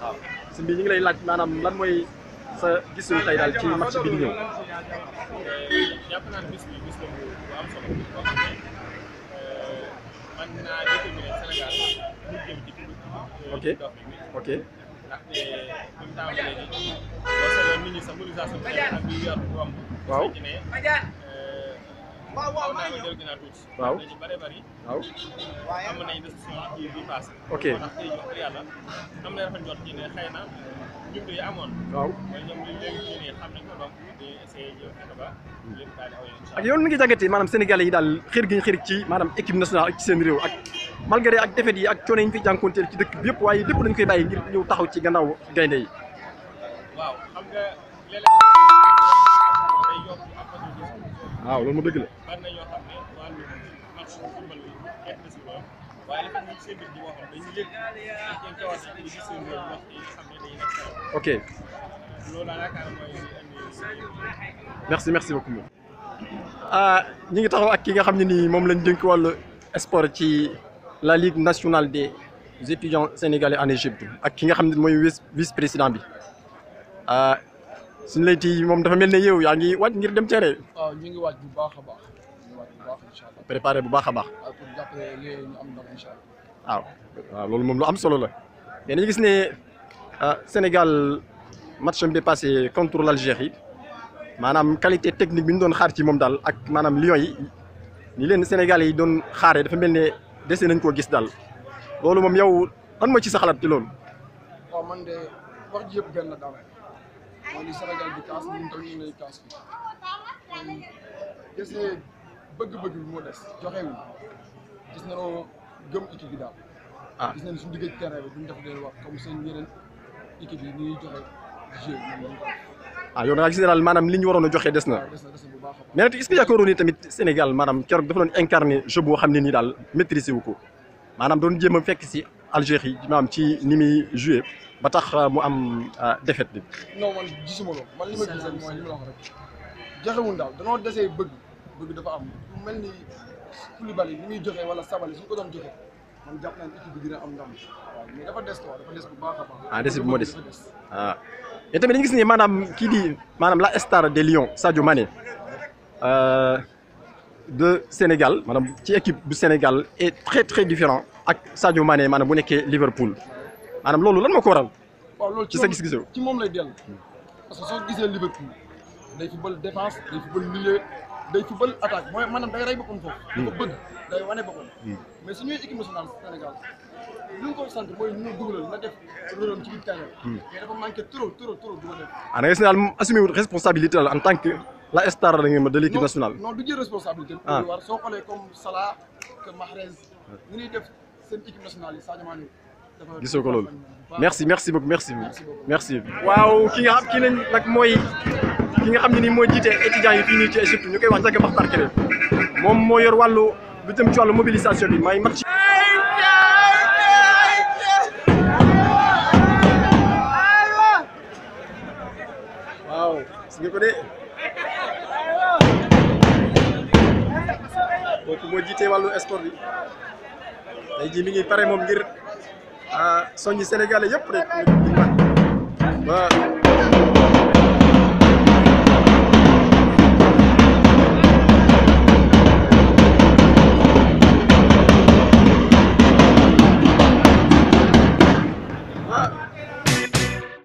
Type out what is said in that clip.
waaw si mbi ñu ngi lay laaj maanaam lan mooy sa gisul tey daal ci match bi di ñëw. bis bi bis bu am solo boo euh, ok ok. waaw waaw waaw maa ngi ñëw waaw waaw. yi hmm. daal di aw incha maanaam Sénégalais yi daal xir gi ñu ci maanaam équipe nationale ak ci seen réew ak malgré ak yi ak coono yi ñu fi jànkuwanteel ci dëkk bi yëpp waaye lépp dañ koy bàyyi ngir ñëw taxaw ci gannaaw gaynde yi. waaw loolu ma dëgg ah ñu ngi taxaw ak ki nga xam ne ni moom lañ dénk walla sport ci la ligue nationale des étudiants sénégalais en Égypte ak ki nga xam ne mooy vice vice président bi ah suñu layti moom dafa mel ne yow yaa ngi waaj ngir dem terrain. waaw ñu ngi waaj bu baax a baax ñu bu baax préparé bu baax a baax. waaw pour loolu moom lu am solo la. mais gis ne ah, Sénégal match bi passé contre l'Algérie maanaam qualité technique bi ñu doon xaar ci moom daal ak maanaam Lions yi ni leen Sénégal yi doon xaaree dafa mel ne dese nañ koo gis daal loolu moom yow lan moo ci sa xalaat ci loolu. kese bëgg-bëgg bi moo des joxewul gis nañoo gëm équipe bi daal. ah gis nañu suñu bi duñ def leen wax comme seen yeneen équipe yi ñuy joxe jeu ah yow li ñu waroon a joxe des na. Ah, mais nag est-ce que yaakaaroon ni tamit Sénégal maanaam keroog dafa doon incarné boo xam ne nii daal maîtrisé wu ko maanaam doon jéem a fekk si Algérie maanaam ci ni muy joué ba tax mu am ah, defet bi. non man joxewuñ daal danoo dese bëgg bëgg dafa am lu mel ni Koulibaly muy joxe wala Sabaly su ñu ko doon joxe man dina am ndam waaw des quoi des bu baax a baax. ah des moo des ah. gis ne maanaam kii di maanaam la star de Lyon Sadio Mané euh, de Sénégal maanaam ci équipe bu Sénégal est très très différent ak Sadio Mané maanaam bu nekkee Liverpool maanaam loolu lan moo ko ci sa gis-gis ci moom lay dellu day football défense day football milieu day football attaque mooy maanaam day rey boppam foofu. Mm. da ko bëgg day wane boppam. Mm. mais suñuy équipe nationale Sénégal lu ñu ko sant mooy ñu dugalal na def rôle ci biir terrain. Mm. mais dafa manqué trop trop trop du ko def. ah da ngay Sénégal mu assumé wut responsabilité la en tant que la star da ngeen ma de l'équipe nationale. non du jël responsabilité. ah war soo xoolee comme Salah que Mahrez. ñu ngi def seen équipe nationale yi Sadio Mané. gisoo ko loolu merci merci beaucoup merci merci. waaw ki nga xam ki nañ nag mooy. ki nga xam ne nii moo jiite étudiants yi fii nii ci Égypte ñu koy wax Ndege Maxtar Kébé moom moo yor wàllu bu jëm ci wàllu mobilisation bi may marché. waaw gis nga ko de kooku moo jiite wàllu sport bi tey jii mi ngi pare moom ngir ah, soññi Sénégalais yëpp rek